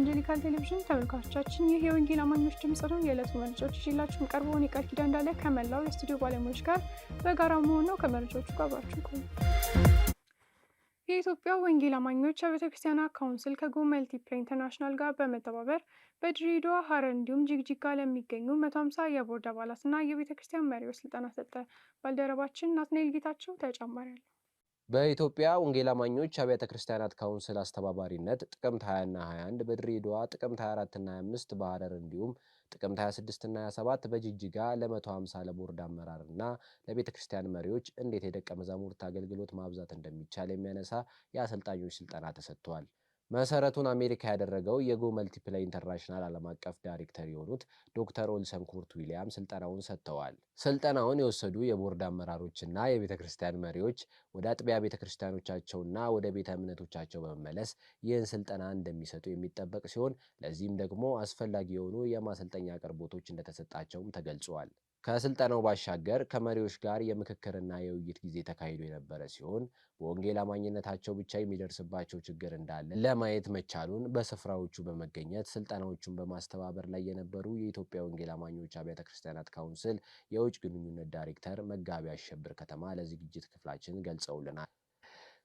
ኢቫንጀሊካል ቴሌቪዥን ተመልካቾቻችን፣ ይህ የወንጌል አማኞች ድምጽ ነው። የዕለቱ መረጃዎች ይዤላችሁ ቀርበውን የቃል ኪዳን እንዳለ ከመላው የስቱዲዮ ባለሙያዎች ጋር በጋራ መሆን ነው። ከመረጃዎቹ ጋር አብራችሁ ቆዩ። የኢትዮጵያ ወንጌል አማኞች አብያተ ክርስቲያናት ካውንስል ከጎመል ቲፕ ኢንተርናሽናል ጋር በመተባበር በድሬዳዋ፣ ሐረር እንዲሁም ጅግጅጋ ለሚገኙ መቶ 150 የቦርድ አባላትና የቤተ ክርስቲያን መሪዎች ስልጠና ሰጠ። ባልደረባችን ናትናኤል ጌታቸው ተጨማሪ አለው። በኢትዮጵያ ወንጌላማኞች አብያተ ክርስቲያናት ካውንስል አስተባባሪነት ጥቅምት 20ና 21 በድሬዳዋ ጥቅምት 24ና 25 በሐረር እንዲሁም ጥቅምት 26ና 27 በጅጅጋ ለ150 ለቦርድ አመራር አመራርና ለቤተ ክርስቲያን መሪዎች እንዴት የደቀ መዛሙርት አገልግሎት ማብዛት እንደሚቻል የሚያነሳ የአሰልጣኞች ስልጠና ተሰጥቷል። መሰረቱን አሜሪካ ያደረገው የጎ መልቲፕላይ ኢንተርናሽናል ዓለም አቀፍ ዳይሬክተር የሆኑት ዶክተር ኦልሰን ኩርት ዊሊያም ስልጠናውን ሰጥተዋል። ስልጠናውን የወሰዱ የቦርድ አመራሮችና የቤተ ክርስቲያን መሪዎች ወደ አጥቢያ ቤተ ክርስቲያኖቻቸውና ወደ ቤተ እምነቶቻቸው በመመለስ ይህን ስልጠና እንደሚሰጡ የሚጠበቅ ሲሆን ለዚህም ደግሞ አስፈላጊ የሆኑ የማሰልጠኛ አቅርቦቶች እንደተሰጣቸውም ተገልጿል። ከስልጠናው ባሻገር ከመሪዎች ጋር የምክክርና የውይይት ጊዜ ተካሂዶ የነበረ ሲሆን በወንጌል አማኝነታቸው ብቻ የሚደርስባቸው ችግር እንዳለ ለማየት መቻሉን በስፍራዎቹ በመገኘት ስልጠናዎቹን በማስተባበር ላይ የነበሩ የኢትዮጵያ ወንጌል አማኞች አብያተ ክርስቲያናት ካውንስል የውጭ ግንኙነት ዳይሬክተር መጋቢ አሸብር ከተማ ለዝግጅት ክፍላችን ገልጸውልናል።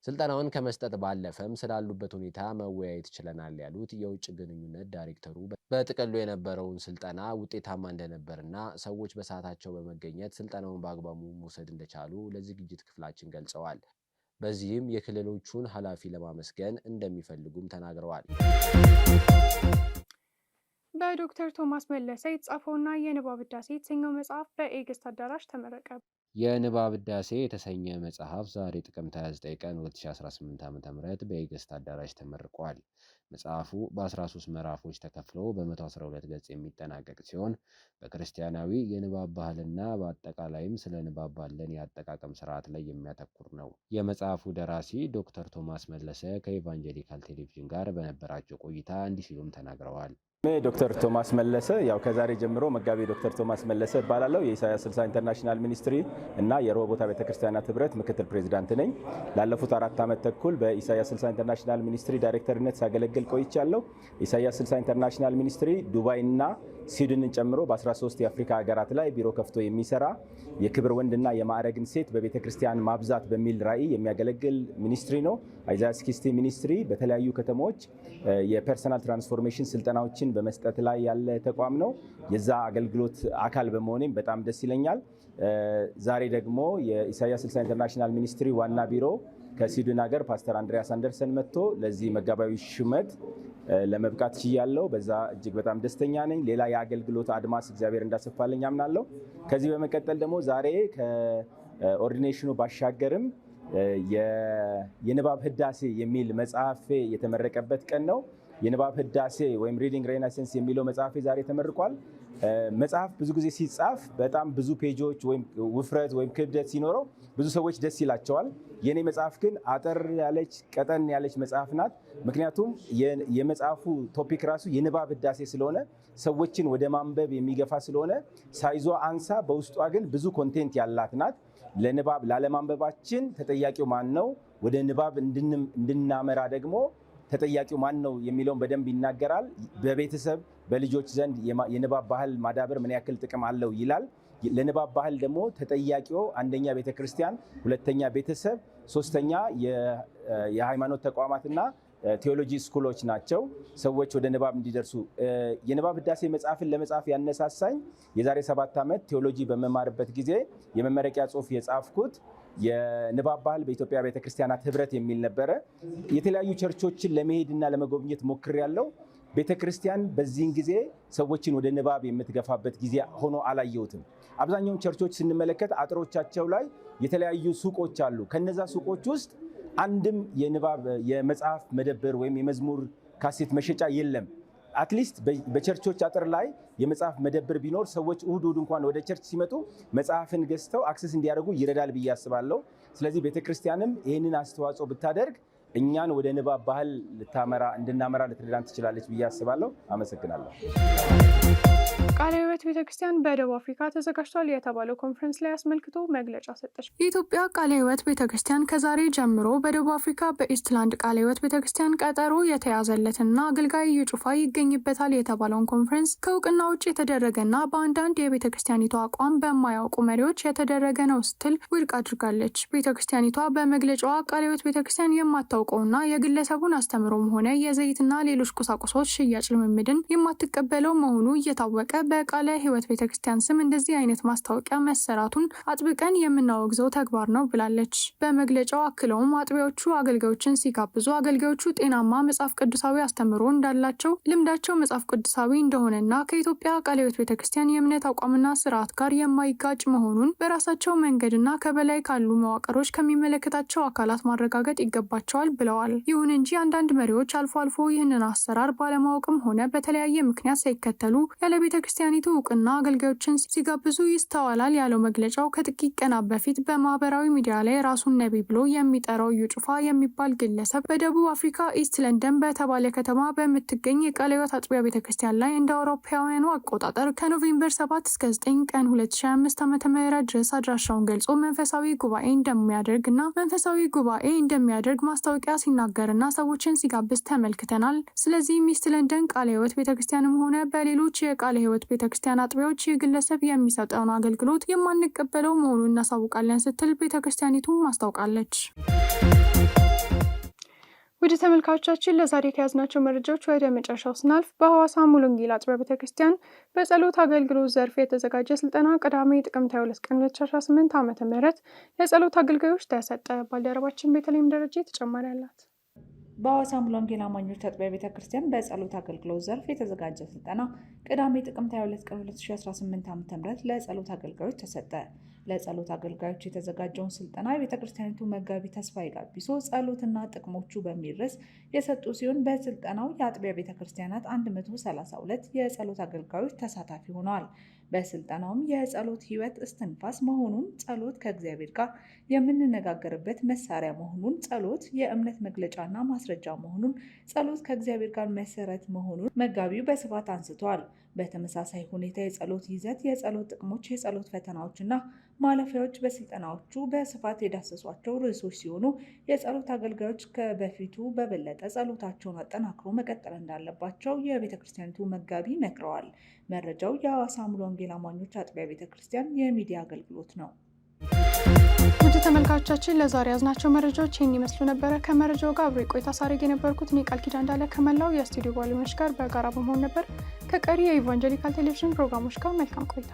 ስልጠናውን ከመስጠት ባለፈም ስላሉበት ሁኔታ መወያየት ችለናል ያሉት የውጭ ግንኙነት ዳይሬክተሩ በጥቅሉ የነበረውን ስልጠና ውጤታማ እንደነበርና ሰዎች በሰዓታቸው በመገኘት ስልጠናውን በአግባቡ መውሰድ እንደቻሉ ለዝግጅት ክፍላችን ገልጸዋል። በዚህም የክልሎቹን ኃላፊ ለማመስገን እንደሚፈልጉም ተናግረዋል። በዶክተር ቶማስ መለሰ የተጻፈውና የንባብ ህዳሴ የተሰኘው መጽሐፍ በኤግስት አዳራሽ ተመረቀ። የንባብ ህዳሴ የተሰኘ መጽሐፍ ዛሬ ጥቅምት 29 ቀን 2018 ዓ ም በኤግስት አዳራሽ ተመርቋል። መጽሐፉ በ13 ምዕራፎች ተከፍሎ በ112 ገጽ የሚጠናቀቅ ሲሆን በክርስቲያናዊ የንባብ ባህልና በአጠቃላይም ስለ ንባብ ባለን የአጠቃቀም ስርዓት ላይ የሚያተኩር ነው። የመጽሐፉ ደራሲ ዶክተር ቶማስ መለሰ ከኢቫንጀሊካል ቴሌቪዥን ጋር በነበራቸው ቆይታ እንዲህ ሲሉም ተናግረዋል። ዶክተር ቶማስ መለሰ ያው ከዛሬ ጀምሮ መጋቢ ዶክተር ቶማስ መለሰ እባላለሁ። የኢሳያስ ስልሳ ኢንተርናሽናል ሚኒስትሪ እና የሮቦታ ቤተክርስቲያናት ህብረት ምክትል ፕሬዚዳንት ነኝ። ላለፉት አራት ዓመት ተኩል በኢሳያስ ስልሳ ኢንተርናሽናል ሚኒስትሪ ዳይሬክተርነት ሳገለግል ቆይቻለሁ። ኢሳያስ ስልሳ ኢንተርናሽናል ሚኒስትሪ ዱባይና ስዊድንን ጨምሮ በ13 የአፍሪካ ሀገራት ላይ ቢሮ ከፍቶ የሚሰራ የክብር ወንድና የማዕረግን ሴት በቤተ ክርስቲያን ማብዛት በሚል ራዕይ የሚያገለግል ሚኒስትሪ ነው። አይዛያስ ኪስቲ ሚኒስትሪ በተለያዩ ከተሞች የፐርሰናል ትራንስፎርሜሽን ስልጠናዎችን በመስጠት ላይ ያለ ተቋም ነው። የዛ አገልግሎት አካል በመሆኔም በጣም ደስ ይለኛል። ዛሬ ደግሞ የኢሳያስ 60 ኢንተርናሽናል ሚኒስትሪ ዋና ቢሮ ከስዊድን ሀገር ፓስተር አንድሪያስ አንደርሰን መጥቶ ለዚህ መጋባዊ ሹመት ለመብቃት ችያለው። በዛ እጅግ በጣም ደስተኛ ነኝ። ሌላ የአገልግሎት አድማስ እግዚአብሔር እንዳሰፋልኝ አምናለሁ። ከዚህ በመቀጠል ደግሞ ዛሬ ከኦርዲኔሽኑ ባሻገርም የንባብ ህዳሴ የሚል መጽሐፌ የተመረቀበት ቀን ነው። የንባብ ህዳሴ ወይም ሪዲንግ ሬናይሰንስ የሚለው መጽሐፍ ዛሬ ተመርቋል። መጽሐፍ ብዙ ጊዜ ሲጻፍ በጣም ብዙ ፔጆች ወይም ውፍረት ወይም ክብደት ሲኖረው ብዙ ሰዎች ደስ ይላቸዋል። የኔ መጽሐፍ ግን አጠር ያለች ቀጠን ያለች መጽሐፍ ናት። ምክንያቱም የመጽሐፉ ቶፒክ ራሱ የንባብ ህዳሴ ስለሆነ ሰዎችን ወደ ማንበብ የሚገፋ ስለሆነ ሳይዟ አንሳ፣ በውስጧ ግን ብዙ ኮንቴንት ያላት ናት። ለንባብ ላለማንበባችን ተጠያቂው ማን ነው? ወደ ንባብ እንድናመራ ደግሞ ተጠያቂው ማን ነው የሚለውን በደንብ ይናገራል። በቤተሰብ በልጆች ዘንድ የንባብ ባህል ማዳበር ምን ያክል ጥቅም አለው ይላል። ለንባብ ባህል ደግሞ ተጠያቂው አንደኛ ቤተክርስቲያን፣ ሁለተኛ ቤተሰብ፣ ሶስተኛ የሃይማኖት ተቋማትና ቴዎሎጂ ስኩሎች ናቸው። ሰዎች ወደ ንባብ እንዲደርሱ የንባብ ህዳሴ መጽሐፍን ለመጻፍ ያነሳሳኝ የዛሬ ሰባት ዓመት ቴዎሎጂ በመማርበት ጊዜ የመመረቂያ ጽሑፍ የጻፍኩት የንባብ ባህል በኢትዮጵያ ቤተክርስቲያናት ህብረት የሚል ነበረ። የተለያዩ ቸርቾችን ለመሄድና ለመጎብኘት ሞክር ያለው ቤተክርስቲያን በዚህን ጊዜ ሰዎችን ወደ ንባብ የምትገፋበት ጊዜ ሆኖ አላየሁትም። አብዛኛውን ቸርቾች ስንመለከት አጥሮቻቸው ላይ የተለያዩ ሱቆች አሉ። ከነዛ ሱቆች ውስጥ አንድም የንባብ የመጽሐፍ መደብር ወይም የመዝሙር ካሴት መሸጫ የለም። አትሊስት በቸርቾች አጥር ላይ የመጽሐፍ መደብር ቢኖር ሰዎች እሁድ እሁድ እንኳን ወደ ቸርች ሲመጡ መጽሐፍን ገዝተው አክሰስ እንዲያደርጉ ይረዳል ብዬ አስባለሁ። ስለዚህ ቤተክርስቲያንም ይህንን አስተዋጽኦ ብታደርግ እኛን ወደ ንባብ ባህል ልታመራ እንድናመራ ልትረዳን ትችላለች ብዬ አስባለሁ። አመሰግናለሁ። ቃለ ሕይወት ቤተ ክርስቲያን በደቡብ አፍሪካ ተዘጋጅቷል የተባለው ኮንፈረንስ ላይ አስመልክቶ መግለጫ ሰጠች። የኢትዮጵያ ቃለ ሕይወት ቤተ ክርስቲያን ከዛሬ ጀምሮ በደቡብ አፍሪካ በኢስትላንድ ቃለ ሕይወት ቤተ ክርስቲያን ቀጠሮ የተያዘለትና አገልጋይ እየጩፋ ይገኝበታል የተባለውን ኮንፈረንስ ከእውቅና ውጭ የተደረገና በአንዳንድ የቤተ ክርስቲያኒቷ አቋም በማያውቁ መሪዎች የተደረገ ነው ስትል ውድቅ አድርጋለች። ቤተ ክርስቲያኒቷ በመግለጫዋ ቃለ ሕይወት ቤተ ክርስቲያን የማታውቀውና የግለሰቡን አስተምሮም ሆነ የዘይትና ሌሎች ቁሳቁሶች ሽያጭ ልምምድን የማትቀበለው መሆኑ እየታወ ታወቀ በቃለ ሕይወት ቤተ ክርስቲያን ስም እንደዚህ አይነት ማስታወቂያ መሰራቱን አጥብቀን የምናወግዘው ተግባር ነው ብላለች። በመግለጫው አክለውም አጥቢያዎቹ አገልጋዮችን ሲጋብዙ አገልጋዮቹ ጤናማ መጽሐፍ ቅዱሳዊ አስተምሮ እንዳላቸው ልምዳቸው መጽሐፍ ቅዱሳዊ እንደሆነና ከኢትዮጵያ ቃለ ሕይወት ቤተ ክርስቲያን የእምነት አቋምና ስርዓት ጋር የማይጋጭ መሆኑን በራሳቸው መንገድና ከበላይ ካሉ መዋቅሮች ከሚመለከታቸው አካላት ማረጋገጥ ይገባቸዋል ብለዋል። ይሁን እንጂ አንዳንድ መሪዎች አልፎ አልፎ ይህንን አሰራር ባለማወቅም ሆነ በተለያየ ምክንያት ሳይከተሉ ያለ ለቤተ ክርስቲያኒቱ እውቅና አገልጋዮችን ሲጋብዙ ይስተዋላል ያለው መግለጫው ከጥቂት ቀናት በፊት በማህበራዊ ሚዲያ ላይ ራሱን ነቢ ብሎ የሚጠራው እዩ ጩፋ የሚባል ግለሰብ በደቡብ አፍሪካ ኢስት ለንደን በተባለ ከተማ በምትገኝ የቃለ ሕይወት አጥቢያ ቤተ ክርስቲያን ላይ እንደ አውሮፓውያኑ አቆጣጠር ከኖቬምበር 7 እስከ 9 ቀን 2025 ዓ ም ድረስ አድራሻውን ገልጾ መንፈሳዊ ጉባኤ እንደሚያደርግ እና መንፈሳዊ ጉባኤ እንደሚያደርግ ማስታወቂያ ሲናገርና ሰዎችን ሲጋብዝ ተመልክተናል። ስለዚህም ኢስት ለንደን ቃለ ሕይወት ክርስቲያንም ሆነ በሌሎች የቃለ ቃለ ሕይወት ቤተ ክርስቲያን አጥቢያዎች ይህ ግለሰብ የሚሰጠውን አገልግሎት የማንቀበለው መሆኑን እናሳውቃለን ስትል ቤተ ክርስቲያኒቱ አስታውቃለች። ውድ ተመልካቾቻችን ለዛሬ ከያዝናቸው መረጃዎች ወደ መጨረሻው ስናልፍ በሐዋሳ ሙሉ ወንጌል አጥቢያ ቤተ ክርስቲያን በጸሎት አገልግሎት ዘርፍ የተዘጋጀ ስልጠና ቅዳሜ ጥቅምት 22 ቀን 2018 ዓ ም ለጸሎት አገልጋዮች ተሰጠ። ባልደረባችን በተለይም ደረጃ ተጨማሪ አላት። በሐዋሳ ሙሉ ወንጌል አማኞች አጥቢያ ቤተ ክርስቲያን በጸሎት አገልግሎት ዘርፍ የተዘጋጀ ስልጠና ቅዳሜ ጥቅምት 22 ቀን 2018 ዓ.ም ለጸሎት አገልጋዮች ተሰጠ። ለጸሎት አገልጋዮች የተዘጋጀውን ስልጠና የቤተ ክርስቲያኒቱ መጋቢ ተስፋዬ ጋቢሶ ጸሎትና ጥቅሞቹ በሚል ርዕስ የሰጡ ሲሆን በስልጠናው የአጥቢያ ቤተ ክርስቲያናት 132 የጸሎት አገልጋዮች ተሳታፊ ሆነዋል። በስልጠናውም የጸሎት ህይወት እስትንፋስ መሆኑን፣ ጸሎት ከእግዚአብሔር ጋር የምንነጋገርበት መሳሪያ መሆኑን፣ ጸሎት የእምነት መግለጫና ማስረጃ መሆኑን፣ ጸሎት ከእግዚአብሔር ጋር መሰረት መሆኑን መጋቢው በስፋት አንስቷል። በተመሳሳይ ሁኔታ የጸሎት ይዘት፣ የጸሎት ጥቅሞች፣ የጸሎት ፈተናዎችና ማለፊያዎች በስልጠናዎቹ በስፋት የዳሰሷቸው ርዕሶች ሲሆኑ የጸሎት አገልጋዮች ከበፊቱ በበለጠ ጸሎታቸውን አጠናክሮ መቀጠል እንዳለባቸው የቤተ ክርስቲያኒቱ መጋቢ መክረዋል። መረጃው የሐዋሳ ሙሉን ወንጌል አማኞች አጥቢያ ቤተ ክርስቲያን የሚዲያ አገልግሎት ነው። ውድ ተመልካቾቻችን ለዛሬ ያዝናቸው መረጃዎች ይህን ይመስሉ ነበረ። ከመረጃው ጋር አብሬ ቆይታ ሳረግ የነበርኩት እኔ ቃል ኪዳ እንዳለ ከመላው የስቱዲዮ ባለሙያዎች ጋር በጋራ በመሆን ነበር። ከቀሪ የኢቫንጀሊካል ቴሌቪዥን ፕሮግራሞች ጋር መልካም ቆይታ